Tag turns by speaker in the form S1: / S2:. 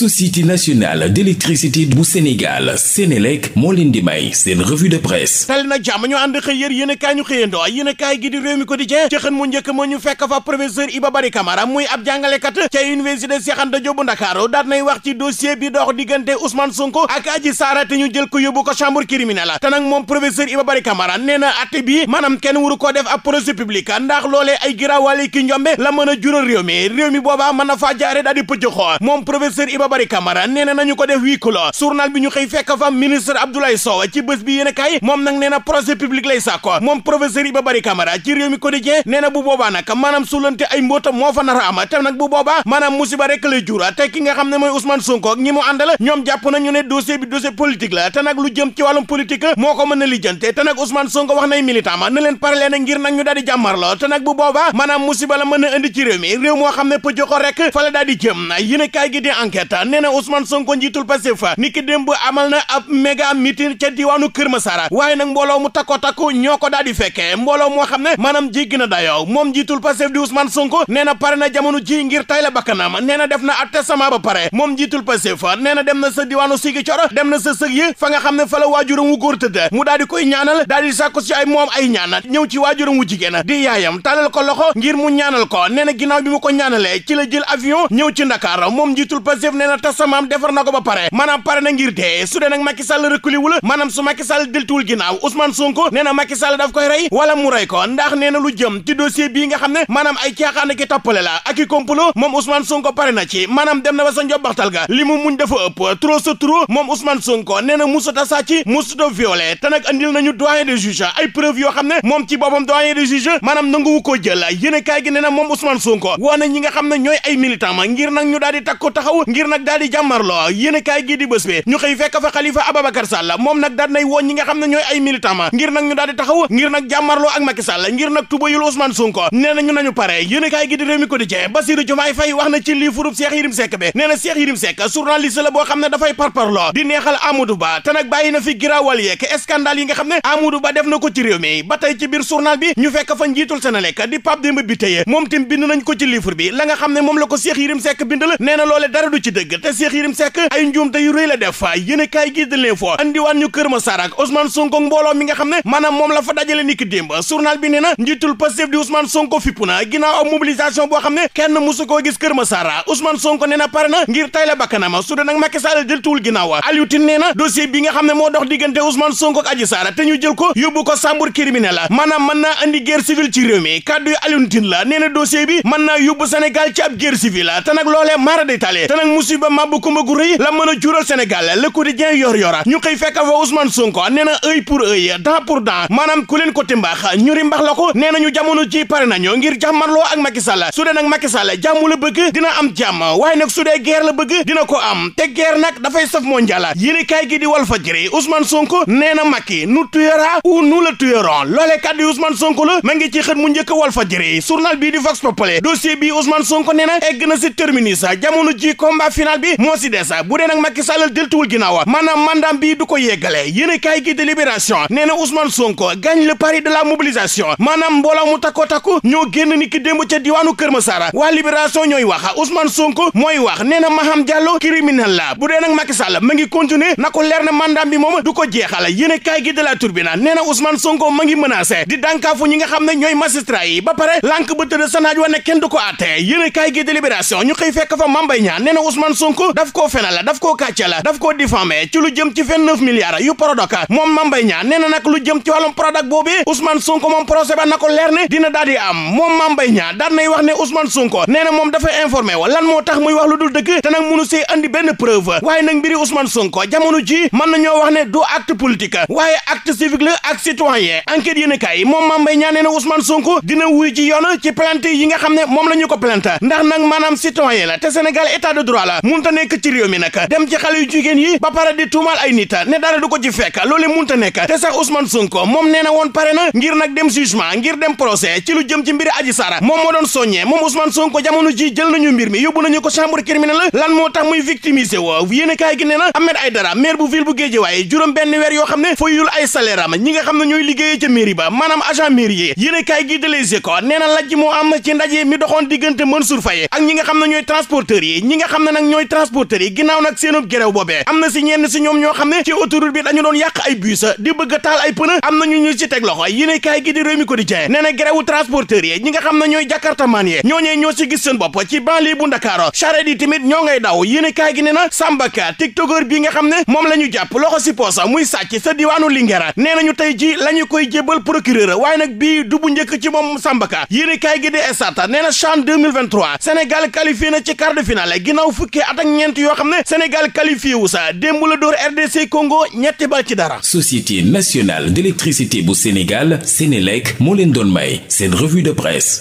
S1: société nationale d'électricité bu Sénégal Sénélec moo leen di may de presse tali jàmm ñu ànd xëy yér yéen kaay ñu xëyandoo yéen a kaay gi di réew mi quotidien ci xën mu njëkk ma ñu fekk fa professeur Iba Bari Camara muy ab jàngalekat ca université Cheikh Anta Ndakaaru daat nay wax ci dossier bi dox diggante Ousmane Sonko ak Adji Sarr te ñu jël ko yóbbu ko chambre criminelle te nag moom professeur Iba Bari Camara nee na bi maanaam kenn wuru a Babary Camara nee na nañu ko def huis clos journal bi ñu xëy fekk fa ministre Abdoulaye Sow ci bés bi yéen kaay moom nag nee na projet public lay sàkko moom i ba Babary Camara ci réew mi quotidien nee na bu boobaa nag maanaam sulante ay mbóota moo fa nar a am te nag bu boobaa maanaam musiba rek lay jura te ki nga xam ne mooy Ousmane Sonko ñi mu àndal ñoom jàpp ñu ne dossier bi dossier politique la te nag lu jëm ci wàllum politique moo ko mën a lijjante te nag Ousmane Sonko wax nay militant ma na leen parale na ngir nag ñu daal di jàmmarloo te bu boobaa maanaam musiba la mën a indi ci réew mi réew moo xam ko rek fa la daal di jëm a kaay gi di enquête l'État nee na Ousmane Sonko njiitul Pastef ni ki démb amal na ab méga meeting ca diwaanu Kër Masara waaye na mbooloo mu takko takku ñoo ko daal di fekkee mbooloo moo xam ne maanaam jéggi na dayoo moom njiitul Pastef di Ousmane Sonko nee na pare na jamono ji ngir tay la bakkanam nee na def na ab testament ba pare moom njiitul Pastef nee dem na sa diwaanu Ziguinchor dem na sa sëg yi fa xam ne fa la wu góor tëdd mu daal di koy ñaanal daal di sàkku si ay moom ay ñaanal ñëw ci waajuram wu di yaayam talal ko loxo ngir mu ñaanal ko nee na ginnaaw bi ko ñaanalee ci la jël avion ñëw ci Ndakaar moom njiitul Pastef nee na tas samaam defar na ko ba pare maanaam pare na ngir dee su dee nag Macky Sall reculé wul maanaam su Macky Sall deltuwul ginnaaw Ousmane Sonko nee na Macky Sall daf koy rey wala mu rey ko ndax nee lu jëm ci dossier bii nga xam ne maanaam ay caaxaan ki toppale la ak i complot moom Ousmane Sonko pare na ci maanaam dem na ba sa njobbaxtal ga li mu muñ dafa ëpp trop sa trop moom Ousmane Sonko nee na musuta sàcc musuta violé te nag andil yoo xam ne moom ci boppam doyen de juge maanaam nanguwu koo jël yéen a kaay na moom Ousmane Sonko woo na ñi nga xam ne ñooy ay militant ma ngir nag ñu daal di takku taxaw ngir nag daal di jàmmarloo yéenekaay gi di bés bi ñu xëy fekk fa Khalifa Ababacar Sall moom nag daal nay woo ñi nga xam ne di taxaw ngir na ñu nañu pare yéenekaay na ci lii furub Cheikh Yérim Seck bi nee na Cheikh Yérim Seck ne dafay parparloo di neexal Amadou Ba na fi giraawal yeek scandale yi nga xam Ba def na ko ci réew mi ba tey bi ñu fekk fa njiitul Senelec di Pape Demba Bitèye moom tim bind nañ xam ne moom la ko Cheikh Yérim Seck bind la nee na loole dara du ci dëgg te Cheikh Yérim Seck ay njuumte yu rëy la def yéen a kaay gi de l'info andiwaan ñu Kër Massar ak Ousmane Sonko mbooloo mi nga xam ne maanaam moom la fa dajale niki démb journal bi nee njiitul Pastef di Ousmane Sonko fippu na ginnaaw boo xam ne kenn musu koo gis Kër Massar Ousmane Sonko nee pare na ngir tay la bakkanama su dee nag Macky Sall jël tuwul ginnaaw Aliou Tine bi nga xam ne moo dox diggante Ousmane Sonko ak Adji te ñu jël ko yóbbu ko chambre criminelle la nee na dossier bi mën naa yóbbu musiba mabbu kumba gu rëy la mën la jural Sénégal le quotidien yor yora ñu xëy fekk fa Ousmane Sonko nee na œil pour œil dent pour dent maanaam ku leen ko timbax ñu ri mbax la ko nee nañu jamono ji pare nañu ngir jàmmarloo ak Macky Sall su dee nag Macky Sall jàmm la bëgg dina am jàmm waaye nag su dee guerre la bëgg dina ko am te guerre nag dafay saf mondial yéen kaay gi di Walf Fadjri Ousmane Sonko nee na Macky nous tuera ou nous le tuerons loolee la ma ngi ci xët mu njëkk Walf Fadjri journal bii di Vox Populi dossier nee na egg na ci terminus jamono ji final bi moo si des bu dee nag Macky Sall deltuwul ginnaaw maanaam mandaam bi du ko yeggale yéen a kaay gi de Libération nee na Ousmane Sonko gagne le pari de la mobilisation maanaam mu takkoo ñoo génn ni ki démb ca diwaanu Kër Masara waa Libération ñooy wax Ousmane Sonko mooy wax nee na Maham Diallo criminel la bu dee nag Macky Sall ma ngi na ko leer na mandaam bi moom du ko jeexal yéen a kaay gi de la Tribune na Ousmane Sonko ma ko àtte yéen a kaay gi de Libération ñu Ousmane Sonko daf koo fenal daf ci lu jëm ci vingt-neuf milliards yu Prodac moom Mame Mbaye Niang nee na lu jëm ci wàllum Prodac boobee Ousmane Sonko moom procès ba na dina daal am moom Mame Mbaye Niang daan nay wax ne Ousmane Sonko nee moom dafa informé wa lan moo tax muy wax lu dul dëgg te nag mënu see andi benn preuve waaye nag mbiri Ousmane Sonko jamono ji mën nañoo wax ne du acte politique waaye acte civique la ak citoyen enquête yéen a kaay moom moom la la munta nekk ci réew mi nag dem ci xale yu jigéen yi ba pare di tuumaal ay nit ne dara du ko ci fekk loole mun nekk te sax Ousmane Sonko moom nee na woon pare na ngir nag dem jugement ngir dem procès ci lu jëm ci mbiri Adji Sarr moom moo doon soññee moom Ousmane Sonko jamono ji jël nañu mbir mi yóbbu nañu ko chambre criminelle lan moo tax muy victimisé woo yéen kaay gi nee na Ahmed Aïdara maire bu ville bu Guédiawaye juróom benn weer yoo xam ne fayul ay nga xam ne ñooy liggéeyee ca mairie ba maanaam agent mairie yi yéen kaay gi de Les Échos nee na lajj moo am ci ndaje ak ñi nga xam ne ñooy yi ñi nga xam ne nag ñooy transporteurs yi ginnaaw nag seenub gerew boobee am na si ñenn si ñoom ñoo xam ne ci autoroute bi dañu doon yàq ay bus di bëgg a taal ay pneu am na ñu ñu ci teg loxo yi kaay gi di Rewmi Quotidien nee na gerewu transporteurs yi ñi nga xam ne ñooy jakartamaan yi ñooñee ñoo si gis seen bopp ci banlieue bu Ndakaaro charrette yi tamit ñoo ngay daw yéene kaay gi ne na Sambaka tiktokeur bi nga xam ne moom la ñu jàpp loxo si poosa muy sàcc sa diwaanu Linguère nee nañu tey ji la ñu koy jébal procureur waaye nag bii du njëkk ci moom Sambaka yéene kaay gi di Stades nee na CHAN 2023 Sénégal qualifié na ci quart de finale ginnaaw fukki at ak ñeent yoo xam ne Sénégal qualifié wu sa démb la door RDC Congo ñette bal ci dara. Société nationale d'électricité bu Sénégal Sénélec moo leen doon may seen revue de presse.